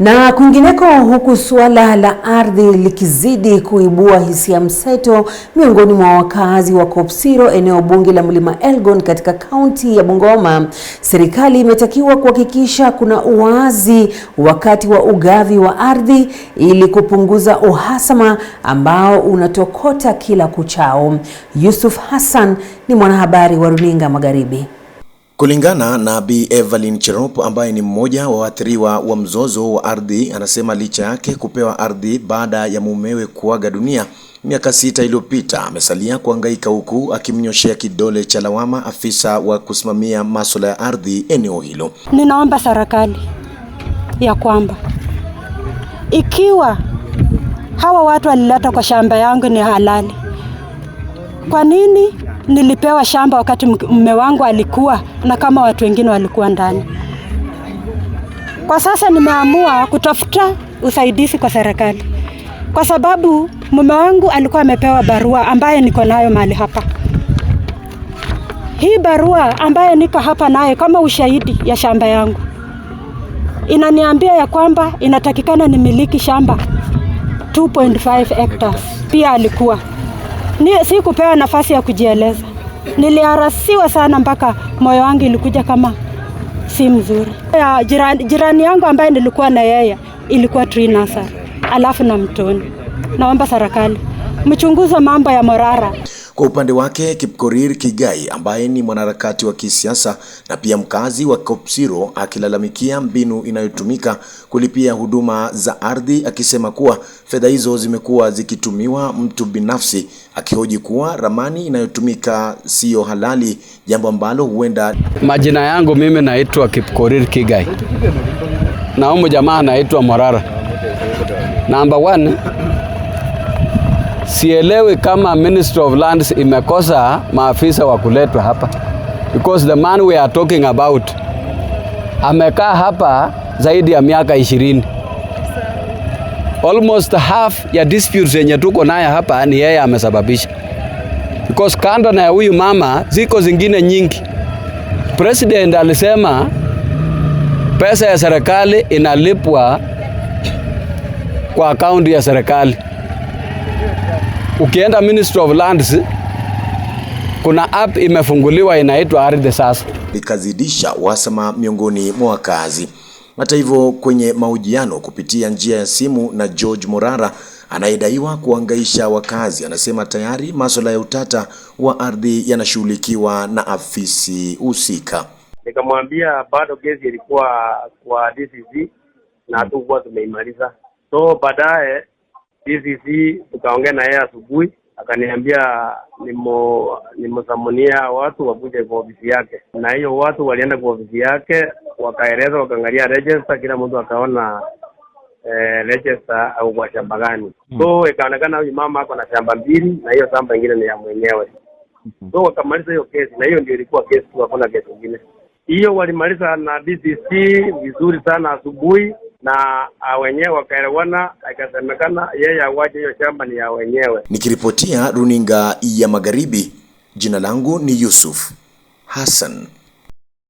Na kwingineko, huku suala la ardhi likizidi kuibua hisia mseto miongoni mwa wakazi wa Kopsiro, eneo bunge la Mlima Elgon katika kaunti ya Bungoma, serikali imetakiwa kuhakikisha kuna uwazi wakati wa ugavi wa ardhi ili kupunguza uhasama ambao unatokota kila kuchao. Yusuf Hassan ni mwanahabari wa Runinga Magharibi. Kulingana na Bi Evelyn Cherop ambaye ni mmoja wa waathiriwa wa mzozo wa ardhi, anasema licha yake kupewa ardhi baada ya mumewe kuaga dunia miaka sita iliyopita, amesalia kuhangaika huku akimnyoshea kidole cha lawama afisa wa kusimamia masuala ya ardhi eneo hilo. Ninaomba serikali ya kwamba ikiwa hawa watu walileta kwa shamba yangu ni halali, kwa nini Nilipewa shamba wakati mume wangu alikuwa na kama watu wengine walikuwa ndani. Kwa sasa nimeamua kutafuta usaidizi kwa serikali, kwa sababu mume wangu alikuwa amepewa barua ambaye niko nayo mahali hapa. Hii barua ambaye niko hapa naye kama ushahidi ya shamba yangu inaniambia ya kwamba inatakikana nimiliki shamba 2.5 hectares. Pia alikuwa ni sikupewa nafasi ya kujieleza, niliarasiwa sana mpaka moyo wangu ilikuja kama si mzuri. Ya jirani, jirani yangu ambaye nilikuwa na yeye ilikuwa Tree Nursery alafu na Mtoni. Naomba serikali mchunguze mambo ya Morara. Kwa upande wake Kipkorir Kigai ambaye ni mwanaharakati wa kisiasa na pia mkazi wa Kopsiro akilalamikia mbinu inayotumika kulipia huduma za ardhi, akisema kuwa fedha hizo zimekuwa zikitumiwa mtu binafsi, akihoji kuwa ramani inayotumika siyo halali, jambo ambalo huenda. Majina yangu mimi naitwa Kipkorir Kigai na umu jamaa anaitwa Morara. Number one Sielewi kama Ministry of Lands imekosa maafisa wa kuletwa hapa because the man we are talking about amekaa hapa zaidi ya miaka ishirini. Almost half ya disputes yenye tuko naye hapa ni yeye amesababisha, because kando na huyu mama ziko zingine nyingi. President alisema pesa ya serikali inalipwa kwa akaunti ya serikali. Ukienda Ministry of Lands kuna app imefunguliwa inaitwa Ardhi Sasa, likazidisha uhasama miongoni mwa wakazi. Hata hivyo, kwenye mahojiano kupitia njia ya simu na George Morara anayedaiwa kuangaisha wakazi, anasema tayari masuala ya utata wa ardhi yanashughulikiwa na afisi husika. Nikamwambia bado gezi ilikuwa kwa DCC na hatukuwa tumeimaliza, so baadaye DCC tukaongea na yeye asubuhi, akaniambia nimusamunia watu wakuja kwa ofisi yake, na hiyo watu walienda kwa ofisi yake, wakaeleza, wakaangalia register, kila mtu akaona eh, register au kwa shamba gani. mm. So ikaonekana huyu mama ako na shamba mbili, na hiyo shamba ingine ni ya mwenyewe. mm -hmm. So wakamaliza hiyo kesi, na hiyo ndio ilikuwa kesi tu, hakuna kesi nyingine. Hiyo walimaliza na DCC vizuri sana asubuhi na ah, wenyewe wakaelewana, ikasemekana yeye awaje hiyo shamba ni ya wenyewe. Nikiripotia runinga ya Magharibi, jina langu ni Yusuf Hassan.